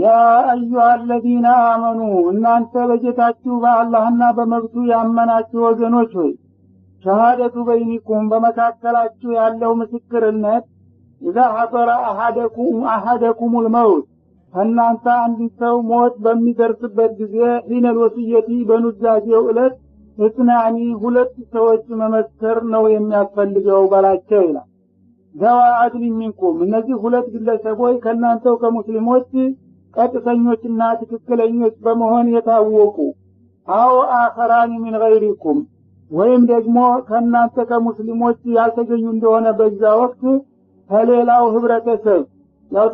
ያ አዩሃ አለዚነ አመኑ እናንተ በጌታችሁ በአላህና በመብቱ ያመናችሁ ወገኖች ሆይ ሸሃደቱ በይኒኩም በመካከላችሁ ያለው ምስክርነት ኢዛ ሐጠረ አሐደኩሙል መውት ከእናንተ አንዲት ሰው ሞት በሚደርስበት ጊዜ ሒነል ወስየቲ በኑዛዜው ዕለት እስናኒ ሁለት ሰዎች መመስከር ነው የሚያስፈልገው በላቸው ይላል። ዘዋ አድሊ ሚንኩም እነዚህ ሁለት ግለሰቦች ከእናንተው ከሙስሊሞች ቀጥተኞችና ትክክለኞች በመሆን የታወቁ አዎ አኸራኒ ሚን ገይሪኩም ወይም ደግሞ ከእናንተ ከሙስሊሞች ያልተገኙ እንደሆነ በዛ ወቅት ከሌላው ህብረተሰብ ያው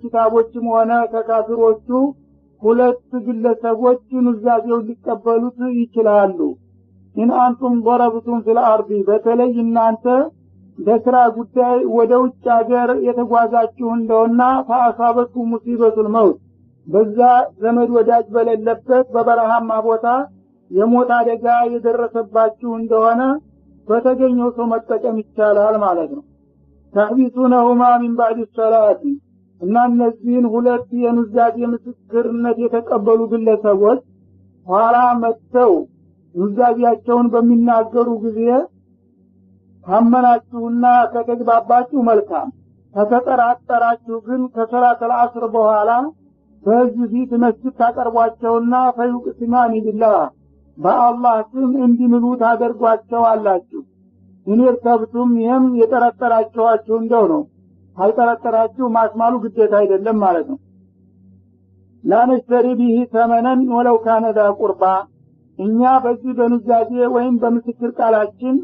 ኪታቦችም ሆነ ከካፊሮቹ ሁለት ግለሰቦች ኑዛዜው ሊቀበሉት ይችላሉ። ኢን አንቱም ضረብቱም ፊል በተለይ እናንተ በስራ ጉዳይ ወደ ውጭ ሀገር የተጓዛችሁ እንደውና ፈአሳበቱ ሙሲበቱል መውት በዛ ዘመድ ወዳጅ በሌለበት በበረሃማ ቦታ የሞት አደጋ የደረሰባችሁ እንደሆነ በተገኘው ሰው መጠቀም ይቻላል ማለት ነው። ተህቢሱነሁማ ሚን ባዕድ ሰላት እና እነዚህን ሁለት የኑዛዜ ምስክርነት የተቀበሉ ግለሰቦች ኋላ መጥተው ኑዛዜያቸውን በሚናገሩ ጊዜ አመናችሁና ከተግባባችሁ መልካም፣ ከተጠራጠራችሁ ግን ከሰላተል አስር በኋላ በዚህ ፊት መስጅድ ታቀርቧቸውና ፈዩቅሲማን ቢላህ በአላህ ስም እንዲምሉ ታደርጓቸው አላችሁ። እኔ ተብቱም ይህም የጠረጠራችኋችሁ እንደው ነው። አልጠረጠራችሁ ማስማሉ ግዴታ አይደለም ማለት ነው። ላነሽተሪ ቢሂ ተመነን ወለው ካነዳ ቁርባ እኛ በዚህ በኑዛዜ ወይም በምስክር ቃላችን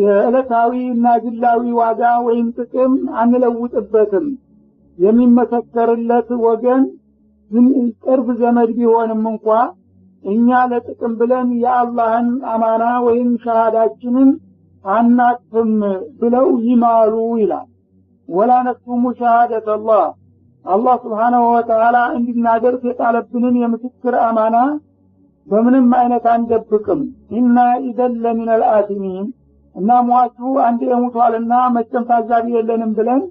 የዕለታዊ እና ግላዊ ዋጋ ወይም ጥቅም አንለውጥበትም። የሚመሰከርለት ወገን ቅርብ ዘመድ ቢሆንም እንኳ እኛ ለጥቅም ብለን የአላህን አማና ወይም ሸሃዳችንን አናቅፍም ብለው ይማሉ ይላል። ወላ ነክቱሙ ሸሃደት አላህ አላህ ስብሓናሁ ወተላ እንድናደርስ የጣለብንን የምስክር አማና በምንም አይነት አንደብቅም። ኢና ኢደን ለሚነል አልአቲሚን እና ሟቹ አንዴ የሙቷልና መቸም ታዛቢ የለንም ብለን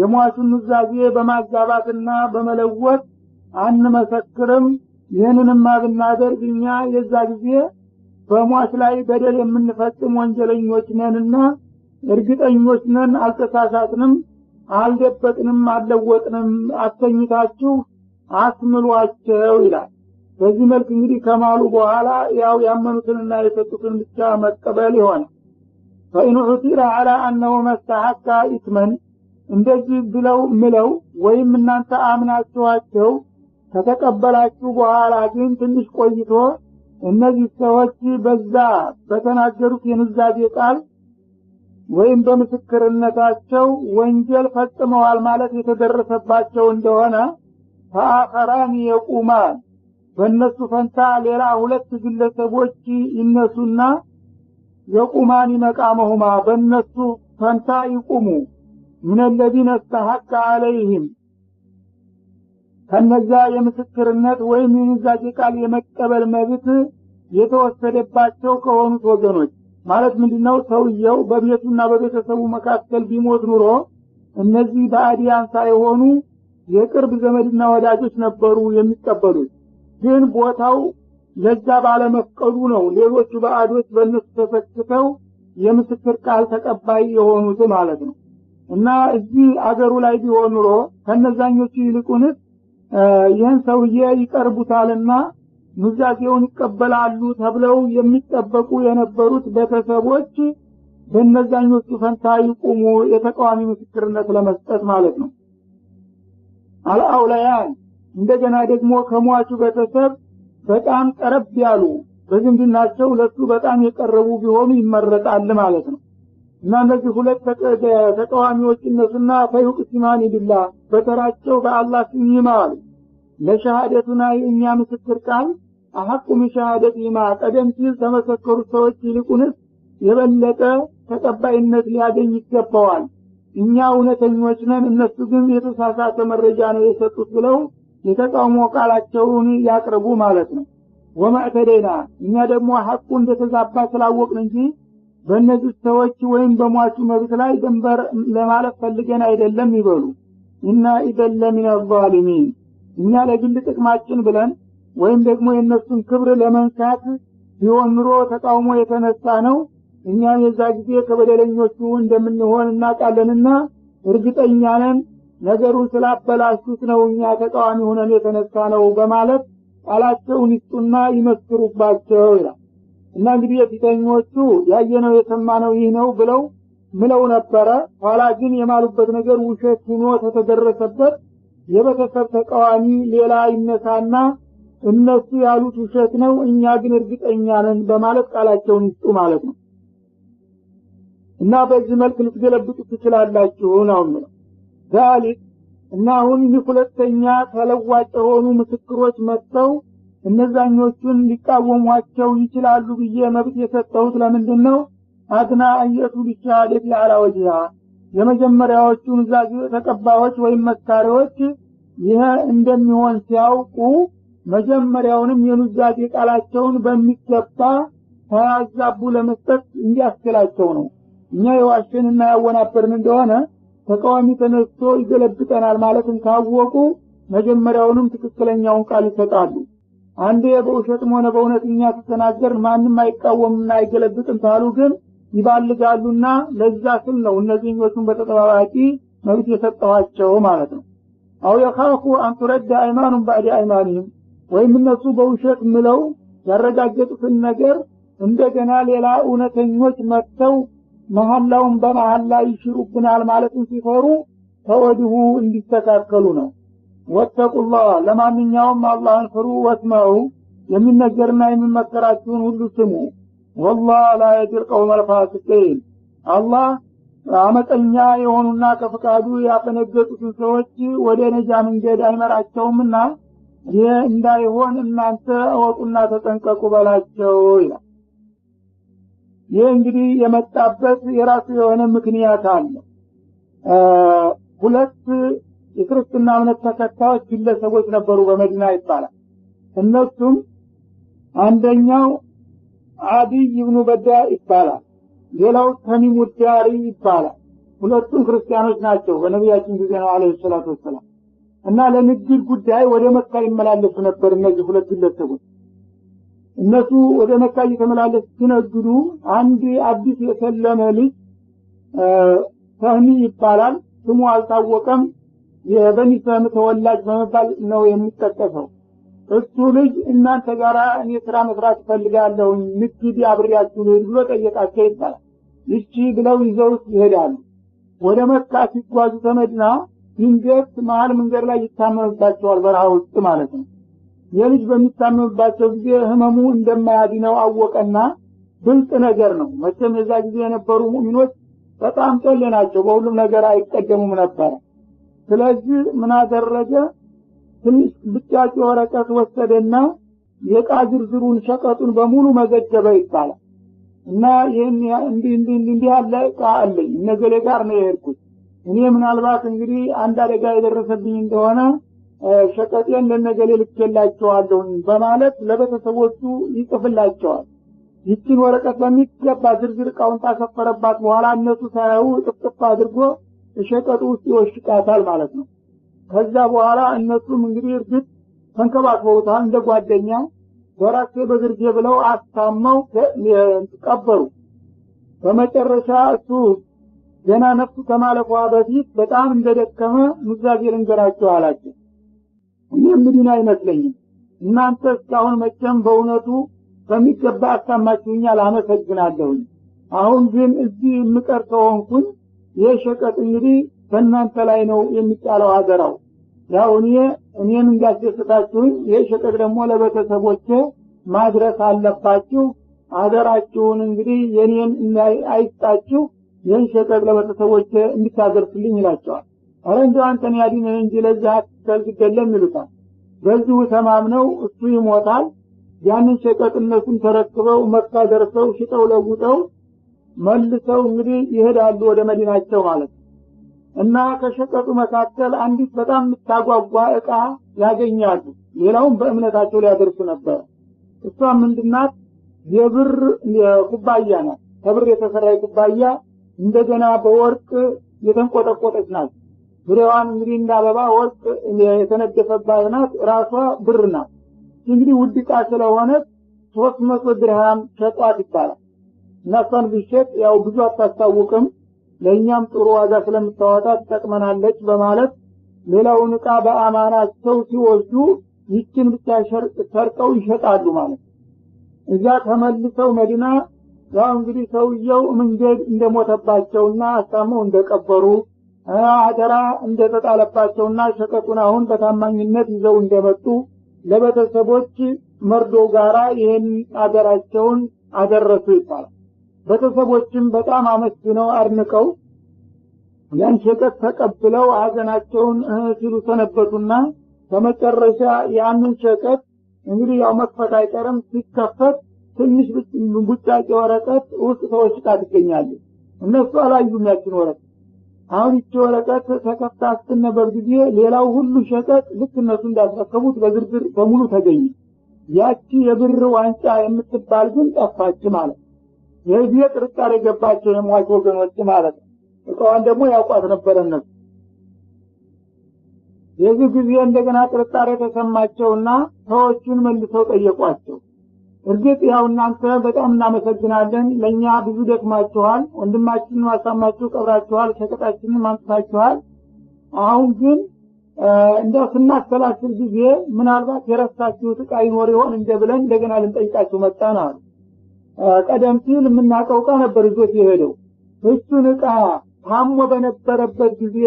የሟቹን ኑዛዜ በማዛባትና በመለወት አንመሰክርም። ይህንንማ ብናደርግ እኛ የዛ ጊዜ በሟች ላይ በደል የምንፈጽም ወንጀለኞች ነንና እርግጠኞች ነን፣ አልተሳሳትንም፣ አልደበቅንም፣ አልለወጥንም፣ አተኝታችሁ አስምሏቸው ይላል። በዚህ መልክ እንግዲህ ከማሉ በኋላ ያው ያመኑትንና የሰጡትን ብቻ መቀበል ይሆናል። ፈኢን ዑቲረ አላ አነሁ መስተሐካ ኢትመን እንደዚህ ብለው ምለው ወይም እናንተ አምናችኋቸው ከተቀበላችሁ በኋላ ግን ትንሽ ቆይቶ እነዚህ ሰዎች በዛ በተናገሩት የንዛዜ ቃል ወይም በምስክርነታቸው ወንጀል ፈጽመዋል ማለት የተደረሰባቸው እንደሆነ ፈአኸራን የቁማን በእነሱ ፈንታ ሌላ ሁለት ግለሰቦች ይነሱና የቁማኒ መቃመሁማ በእነሱ ፈንታ ይቁሙ ሚነለዚነ ስተሐቀ አለይህም ከነዛ የምስክርነት ወይም የኑዛዜ ቃል የመቀበል መብት የተወሰደባቸው ከሆኑት ወገኖች ማለት ምንድነው? ሰውየው በቤቱና በቤተሰቡ መካከል ቢሞት ኑሮ እነዚህ በአዲያን ሳይሆኑ የቅርብ ዘመድና ወዳጆች ነበሩ የሚቀበሉት። ግን ቦታው ለዛ ባለመፍቀዱ ነው ሌሎቹ በአዶች በእነሱ ተሰክተው የምስክር ቃል ተቀባይ የሆኑት ማለት ነው። እና እዚህ አገሩ ላይ ቢሆን ኑሮ ከነዛኞቹ ይልቁንስ ይህን ሰውዬ ይቀርቡታልና ኑዛዜውን ይቀበላሉ ተብለው የሚጠበቁ የነበሩት ቤተሰቦች በእነዛኞቹ ፈንታ ይቁሙ፣ የተቃዋሚ ምስክርነት ለመስጠት ማለት ነው። አልአውላያን እንደገና ደግሞ ከሟቹ ቤተሰብ በጣም ቀረብ ያሉ በዝምድናቸው ሁለቱ በጣም የቀረቡ ቢሆኑ ይመረጣል ማለት ነው እና እነዚህ ሁለት ተቃዋሚዎች እነሱና ፈዩቅ ሲማን ቢላ በተራቸው በአላህ ስም ይማሉ ለሸሃደቱና የእኛ ምስክር ቃል አሐቁ ሚሸሃደት ይማ ቀደም ሲል ተመሰከሩ ሰዎች ይልቁንስ የበለጠ ተቀባይነት ሊያገኝ ይገባዋል እኛ እውነተኞች ነን እነሱ ግን የተሳሳተ መረጃ ነው የሰጡት ብለው የተቃውሞ ቃላቸውን ያቅርቡ ማለት ነው። ወማዕተደይና እኛ ደግሞ ሐቁ እንደተዛባ ስላወቅን እንጂ በእነዚህ ሰዎች ወይም በሟቹ መብት ላይ ድንበር ለማለፍ ፈልገን አይደለም ይበሉ። እና ኢደን ሚን አዛሊሚን እኛ ለግል ጥቅማችን ብለን ወይም ደግሞ የእነሱን ክብር ለመንሳት ቢሆን ኑሮ ተቃውሞ የተነሳ ነው። እኛም የዛ ጊዜ ከበደለኞቹ እንደምንሆን እናውቃለንና እርግጠኛ ነን። ነገሩን ስላበላሹት ነው እኛ ተቃዋሚ ሆነን የተነሳ ነው በማለት ቃላቸውን ይስጡና ይመስክሩባቸው ይላል እና እንግዲህ የፊተኞቹ ያየነው የሰማነው ይህ ነው ብለው ምለው ነበረ። ኋላ ግን የማሉበት ነገር ውሸት ሆኖ ተተደረሰበት። የቤተሰብ ተቃዋሚ ሌላ ይነሳና እነሱ ያሉት ውሸት ነው፣ እኛ ግን እርግጠኛ ነን በማለት ቃላቸውን ይስጡ ማለት ነው። እና በዚህ መልክ ልትገለብጡ ትችላላችሁ ነው የምለው። ዛሊክ እና አሁን ሁለተኛ ተለዋጭ የሆኑ ምስክሮች መጥተው እነዛኞቹን ሊቃወሟቸው ይችላሉ ብዬ መብት የሰጠሁት ለምንድን ነው? አድና አየቱ ቢሻሃደት ያላወጅያ የመጀመሪያዎቹ ዛጊ ተቀባዮች ወይም መካሪዎች ይህ እንደሚሆን ሲያውቁ መጀመሪያውንም የኑዛዜ ቃላቸውን በሚገባ ሳያዛቡ ለመስጠት እንዲያስችላቸው ነው። እኛ የዋሽንና ያወናበርን እንደሆነ ተቃዋሚ ተነስቶ ይገለብጠናል ማለትን ካወቁ መጀመሪያውንም ትክክለኛውን ቃል ይሰጣሉ። አንዴ በውሸትም ሆነ በእውነት እኛ ተተናገር ማንም አይቃወምና አይገለብጥም ታሉ ግን ይባልጋሉና ለዛ ስል ነው እነዚህኞቹን በተጠባባቂ መብት የሰጠኋቸው ማለት ነው። አው የካፉ አንቱረዳ አይማኑን ባዕድ አይማኒህም ወይም እነሱ በውሸት ምለው ያረጋገጡትን ነገር እንደገና ሌላ እውነተኞች መጥተው መሐላውን በመሐላ ይሽሩብናል ማለትን ሲፈሩ ከወዲሁ እንዲስተካከሉ ነው ወተቁላህ ለማንኛውም አላህን ፍሩ ወስመዑ የሚነገርና የሚመከራችሁን ሁሉ ስሙ ወላህ ላ የድር ቀውመ ልፋሲቂን አላህ አመጠኛ የሆኑና ከፍቃዱ ያፈነገጡትን ሰዎች ወደ ነጃ መንገድ አይመራቸውምና ይህ እንዳይሆን እናንተ እወቁና ተጠንቀቁ በላቸው ይላል ይህ እንግዲህ የመጣበት የራሱ የሆነ ምክንያት አለ። ሁለት የክርስትና እምነት ተከታዮች ግለሰቦች ነበሩ በመዲና ይባላል። እነሱም አንደኛው አዲይ ብኑ በዳ ይባላል፣ ሌላው ተሚሙ ዳሪ ይባላል። ሁለቱም ክርስቲያኖች ናቸው። በነቢያችን ጊዜ ነው አለ ሰላት ወሰላም እና ለንግድ ጉዳይ ወደ መካ ይመላለሱ ነበር እነዚህ ሁለት ግለሰቦች እነሱ ወደ መካ እየተመላለስ ሲነግዱ አንድ አዲስ የሰለመ ልጅ ፈህሚ ይባላል። ስሙ አልታወቀም። የበኒ ሰም ተወላጅ በመባል ነው የሚጠቀሰው። እሱ ልጅ እናንተ ጋር እኔ ስራ መስራት እፈልጋለሁኝ ንግድ አብሬያችሁ ልሄድ ብሎ ጠየቃቸው ይባላል። ይቺ ብለው ይዘውት ይሄዳሉ። ወደ መካ ሲጓዙ ተመድና ድንገት መሀል መንገድ ላይ ይታመምባቸዋል፣ በረሃ ውስጥ ማለት ነው። የልጅ በሚታመምባቸው ጊዜ ህመሙ እንደማያድነው አወቀና ብልጥ ነገር ነው። መቼም የዛ ጊዜ የነበሩ ሙሚኖች በጣም ጠል ናቸው። በሁሉም ነገር አይቀደሙም ነበረ። ስለዚህ ምን አደረገ? ትንሽ ብጫቂ ወረቀት ወሰደና የቃ ዝርዝሩን ሸቀጡን በሙሉ መዘገበ ይባላል እና ይህን እንዲህ እንዲህ ያለ ዕቃ አለኝ እነገሌ ጋር ነው የሄድኩት እኔ ምናልባት እንግዲህ አንድ አደጋ የደረሰብኝ እንደሆነ ሸቀጤን ለነገሌ ልኬላቸዋለሁኝ በማለት ለቤተሰቦቹ ይጽፍላቸዋል። ይችን ወረቀት በሚገባ ዝርዝር እቃውን ካሰፈረባት በኋላ እነሱ ሳያዩ ጥፍጥፍ አድርጎ ሸቀጡ ውስጥ ይወሽቃታል ማለት ነው። ከዛ በኋላ እነሱም እንግዲህ እርግጥ ተንከባክበውታል እንደ ጓደኛ በራሴ በግርጌ ብለው አስታመው ቀበሩ። በመጨረሻ እሱ ገና ነፍሱ ከማለፏ በፊት በጣም እንደደከመ ኑዛዜ ልንገራቸው አላቸው። እኔ ምድን አይመስለኝም። እናንተ እስካሁን መቼም በእውነቱ በሚገባ አሳማችሁኛል፣ አመሰግናለሁኝ። አሁን ግን እዚህ የምቀር ከሆንኩኝ ይህ ሸቀጥ እንግዲህ በእናንተ ላይ ነው የሚጣለው አደራው። ያው እኔ እኔም እንዳስደሰታችሁኝ ይህ ሸቀጥ ደግሞ ለቤተሰቦቼ ማድረስ አለባችሁ። አገራችሁን እንግዲህ የኔን አይጣችሁ፣ ይህን ሸቀጥ ለቤተሰቦቼ እንድታደርስልኝ ይላቸዋል። አረ እንደው አንተን ያድንህ እንጂ ለዚህ አትገልገለም ይሉታል። በዚሁ ተማምነው እሱ ይሞታል። ያንን ሸቀጥነቱን ተረክበው መካ ደርሰው ሽጠው ለውጠው መልሰው እንግዲህ ይሄዳሉ ወደ መዲናቸው ማለት ነው። እና ከሸቀጡ መካከል አንዲት በጣም የምታጓጓ እቃ ያገኛሉ። ሌላውም በእምነታቸው ሊያደርሱ ነበር። እሷ ምንድናት? የብር ኩባያ ናት። ከብር የተሰራ ኩባያ እንደገና በወርቅ የተንቆጠቆጠች ናት። ዙሪያዋን እንግዲህ እንደ አበባ ወርቅ የተነደፈባት ናት። ራሷ ብር ናት። እንግዲህ ውድ ዕቃ ስለሆነች ሶስት መቶ ድርሃም ሸጧት ይባላል እና እሷን ብሸጥ ያው ብዙ አታስታውቅም፣ ለእኛም ጥሩ ዋጋ ስለምታወጣ ትጠቅመናለች በማለት ሌላውን ዕቃ በአማና ሰው ሲወስዱ ይችን ብቻ ሰርቀው ይሸጣሉ ማለት ነው። እዚያ ተመልሰው መዲና ያው እንግዲህ ሰውየው መንገድ እንደሞተባቸውና አሳመው እንደቀበሩ አደራ እንደተጣለባቸውና ሸቀጡን አሁን በታማኝነት ይዘው እንደመጡ ለቤተሰቦች መርዶ ጋራ ይህን አገራቸውን አደረሱ ይባላል። ቤተሰቦችም በጣም አመስግነው አድንቀው ያን ሸቀጥ ተቀብለው ሀዘናቸውን ሲሉ ሰነበቱና በመጨረሻ ያንን ሸቀጥ እንግዲህ ያው መክፈት አይቀርም። ሲከፈት ትንሽ ቡጫቂ ወረቀት ውስጥ ተወሽጣ ትገኛለች። እነሱ አላዩም ያችን ወረቀት አሁን ይቺ ወረቀት ተከፍታ ስትነበብ ጊዜ ሌላው ሁሉ ሸቀጥ ልክ እነሱ እንዳስረከቡት በዝርዝር በሙሉ ተገኘ። ያቺ የብር ዋንጫ የምትባል ግን ጠፋች ማለት ነው። የዚህ ጥርጣሬ የገባቸው የሟች ወገኖች ማለት ነው። እቃዋን ደግሞ ያውቋት ነበረ እነሱ። የዚህ ጊዜ እንደገና ጥርጣሬ ተሰማቸውና ሰዎቹን መልሰው ጠየቋቸው። እርግጥ ያው እናንተ በጣም እናመሰግናለን። ለእኛ ብዙ ደክማችኋል፣ ወንድማችን ማሳማችሁ ቀብራችኋል፣ ሸቀጣችንን ማምጥታችኋል። አሁን ግን እንደው ስናሰላስል ጊዜ ምናልባት የረሳችሁ ጥቃ ይኖር ይሆን እንደ ብለን እንደገና ልንጠይቃችሁ መጣን አሉ። ቀደም ሲል የምናውቀው ዕቃ ነበር እዞት የሄደው። እሱን እቃ ታሞ በነበረበት ጊዜ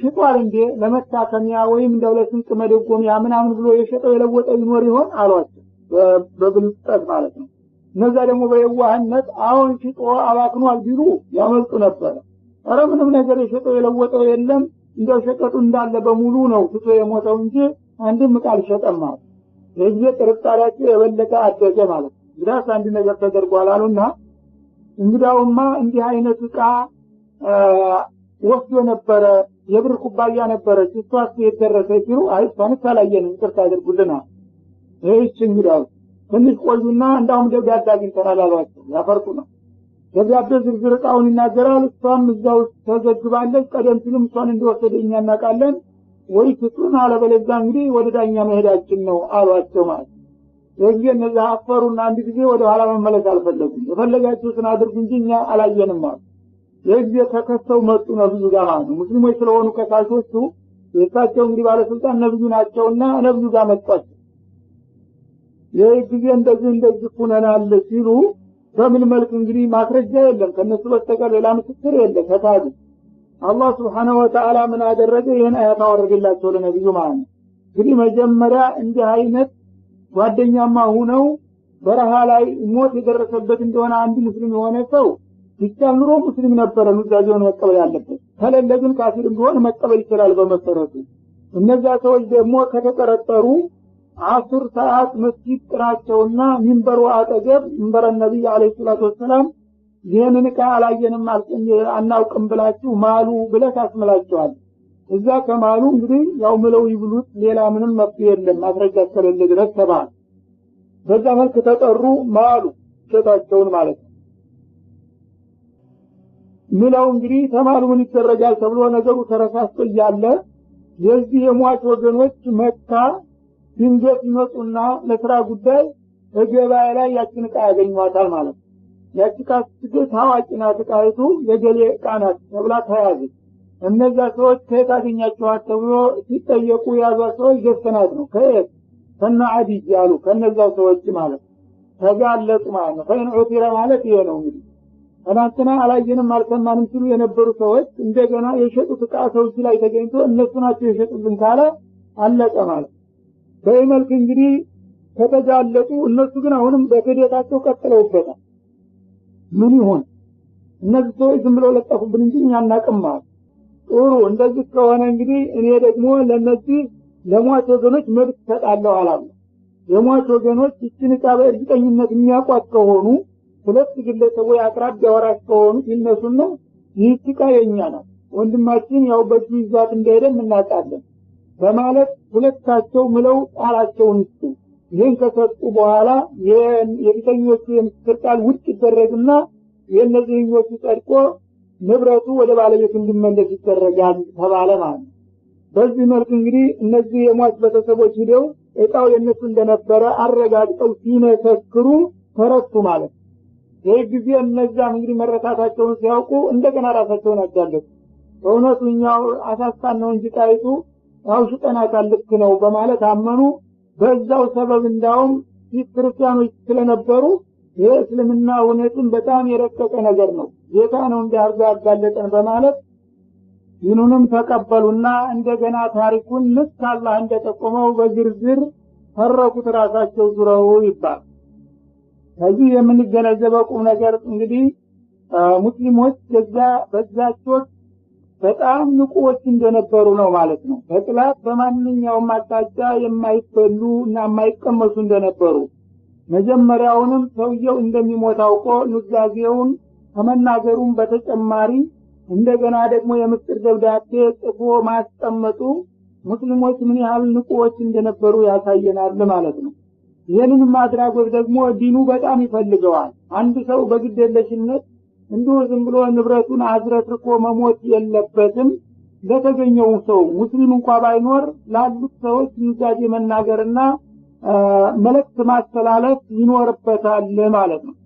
ሽጧል እንዴ ለመታከሚያ ወይም እንደው ለስንቅ መደጎሚያ ምናምን ብሎ የሸጠው የለወጠ ይኖር ይሆን አሏቸው። በብልጠት ማለት ነው። እነዛ ደግሞ በየዋህነት አሁን ሽጦ አባክኗል ቢሉ ያመልጡ ነበረ። ኧረ ምንም ነገር የሸጠው የለወጠው የለም እንደ ሸቀጡ እንዳለ በሙሉ ነው ትቶ የሞተው እንጂ አንድም ዕቃ አልሸጠም ማለት ይህ ጊዜ ጥርጣሬያቸው የበለጠ አደገ ማለት ነው። እንግዲያስ አንድ ነገር ተደርጓል አሉና እንግዳውማ እንዲህ አይነት ዕቃ ወስዶ ነበረ የብር ኩባያ ነበረች እሷስ የደረሰ ሲሉ አይ እሷን ካላየንም ይቅርታ አድርጉልናል ይህች እንግዲህ ትንሽ ቆዩና እንዳሁም ደብዳቤ አግኝተናል አሏቸው። ያፈርቁ ነው። ደብዳቤ ዝርዝር እቃውን ይናገራል። እሷም እዛው ተዘግባለች። ቀደም ሲልም እሷን እንደወሰደ እኛ እናውቃለን። ወይ ፍጡን አለበለዛ እንግዲህ ወደ ዳኛ መሄዳችን ነው አሏቸው ማለት ይህ እነዚ አፈሩና አንድ ጊዜ ወደ ኋላ መመለስ አልፈለጉም። የፈለጋችሁትን አድርጉ እንጂ እኛ አላየንም አሉ። ይህ ጊዜ ተከሰው መጡ ነብዩ ጋር ማለት ነው። ሙስሊሞች ስለሆኑ ከሳሾቹ የእሳቸው እንግዲህ ባለስልጣን ነብዩ ናቸውና ነብዩ ጋር መጧቸው። ይህ ጊዜ እንደዚህ እንደዚህ ሁነናል ሲሉ በምን መልክ እንግዲህ ማስረጃ የለም ከእነሱ በስተቀር ሌላ ምስክር የለ ከታዙ አላህ ስብሓነ ወተአላ ምን አደረገ ይህን አያት አወረደላቸው ለነቢዩ ማለት ነው እንግዲህ መጀመሪያ እንዲህ አይነት ጓደኛማ ሁነው በረሃ ላይ ሞት የደረሰበት እንደሆነ አንድ ሙስሊም የሆነ ሰው ቢቻል ኑሮ ሙስሊም ነበረ ኑዛዜውን መቀበል ያለበት ከሌለ ግን ካፊርም ቢሆን መቀበል ይችላል በመሰረቱ እነዚያ ሰዎች ደግሞ ከተጠረጠሩ አስር ሰዓት መስጊድ ጥራቸውና ሚንበሩ አጠገብ ሚንበረ ነቢይ አለ ሰላት ወሰላም ይህንን ቃ አላየንም አናውቅም ብላችሁ ማሉ ብለ ታስምላቸዋል። እዛ ከማሉ እንግዲህ ያው ምለው ይብሉት፣ ሌላ ምንም መፍትሄ የለም ማስረጃ እስከሌለ ድረስ ተባል በዛ መልክ ተጠሩ ማሉ ጌታቸውን ማለት ነው። ምለው እንግዲህ ተማሉ ምን ይደረጋል ተብሎ ነገሩ ተረሳስቶ እያለ የዚህ የሟች ወገኖች መካ ግንዶች ይመጡና ለስራ ጉዳይ በገበያ ላይ ያችን እቃ ያገኟታል ማለት ነው። ያቺ እቃ ስትገኝ ታዋቂ ናት፣ እቃይቱ የገሌ እቃ ናት ተብላ ተያዘች። እነዛ ሰዎች ከየት አገኛችኋት ተብሎ ሲጠየቁ የያዟት ሰዎች ገዝተናት ነው። ከየት ከነ አዲጅ ያሉ ከነዛው ሰዎች ማለት ተጋለጡ ማለት ነው። ፈኢን ዑቲረ ማለት ይሄ ነው እንግዲህ ትናንትና አላየንም አልሰማንም ሲሉ የነበሩ ሰዎች እንደገና የሸጡት እቃ ሰዎች ላይ ተገኝቶ እነሱ ናቸው የሸጡልን ካለ አለቀ ማለት በዚህ መልክ እንግዲህ ከተጃለጡ እነሱ ግን አሁንም በክህደታቸው ቀጥለውበታል። ምን ይሆን እነዚህ ሰዎች ዝም ብለው ለጠፉብን እንጂ እኛ እናቅማል። ጥሩ እንደዚህ ከሆነ እንግዲህ እኔ ደግሞ ለእነዚህ ለሟች ወገኖች መብት እሰጣለሁ አላሉ። የሟች ወገኖች ይችን ዕቃ በእርግጠኝነት የሚያውቋት ከሆኑ ሁለት ግለሰቦች አቅራቢያ ወራሽ ከሆኑ ይነሱና ይህች ዕቃ የእኛ ነው ወንድማችን ያው በእጁ ይዟት እንደሄደ እናውቃለን በማለት ሁለታቸው ምለው ቃላቸውን ይስጡ። ይህን ከሰጡ በኋላ የፊተኞቹ የምስክር ቃል ውድቅ ይደረግና የእነዚህኞቹ ጸድቆ ንብረቱ ወደ ባለቤቱ እንዲመለስ ይደረጋል ተባለ ማለት ነው። በዚህ መልክ እንግዲህ እነዚህ የሟች ቤተሰቦች ሂደው እጣው የእነሱ እንደነበረ አረጋግጠው ሲመሰክሩ ተረቱ ማለት ይህ ጊዜ እነዛም እንግዲህ መረታታቸውን ሲያውቁ እንደገና ራሳቸውን አጋለጡ። በእውነቱ እኛው አሳስታን ነው እንጂ ጣይቱ ያው ሽጠና ቃል ልክ ነው በማለት አመኑ። በዛው ሰበብ እንዳውም ክርስቲያኖች ስለነበሩ የእስልምና እስልምና በጣም የረቀቀ ነገር ነው፣ ጌታ ነው እንዲህ ያጋለጠን በማለት ይኑንም ተቀበሉና እንደገና ታሪኩን ልክ አላህ እንደጠቆመው በዝርዝር ተረኩት ራሳቸው ዙረው ይባል። ከዚህ የምንገነዘበው ቁም ነገር እንግዲህ ሙስሊሞች በዛች ወቅት በጣም ንቁዎች እንደነበሩ ነው ማለት ነው። በጥላት በማንኛውም አቅጣጫ የማይበሉ እና የማይቀመሱ እንደነበሩ መጀመሪያውንም ሰውየው እንደሚሞት አውቆ ኑዛዜውን ከመናገሩም በተጨማሪ እንደገና ደግሞ የምስጢር ደብዳቤ ጽፎ ማስቀመጡ ሙስሊሞች ምን ያህል ንቁዎች እንደነበሩ ያሳየናል ማለት ነው። ይህንን ማድራጎት ደግሞ ዲኑ በጣም ይፈልገዋል። አንድ ሰው በግድ የለሽነት እንዲሁ ዝም ብሎ ንብረቱን አዝረክርኮ መሞት የለበትም። ለተገኘው ሰው ሙስሊም እንኳ ባይኖር ላሉት ሰዎች ንጋዜ መናገርና መልእክት ማስተላለፍ ይኖርበታል ማለት ነው።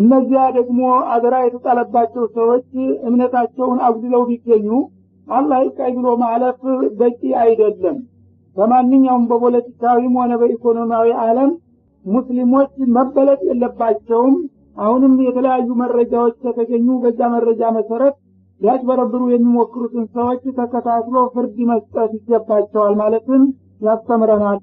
እነዚያ ደግሞ አደራ የተጣለባቸው ሰዎች እምነታቸውን አጉድለው ቢገኙ አላህ ይብቃኝ ብሎ ማለፍ በቂ አይደለም። በማንኛውም በፖለቲካዊም ሆነ በኢኮኖሚያዊ ዓለም ሙስሊሞች መበለጥ የለባቸውም። አሁንም የተለያዩ መረጃዎች ከተገኙ በዛ መረጃ መሰረት ሊያጭበረብሩ የሚሞክሩትን ሰዎች ተከታትሎ ፍርድ መስጠት ይገባቸዋል ማለትም ያስተምረናል።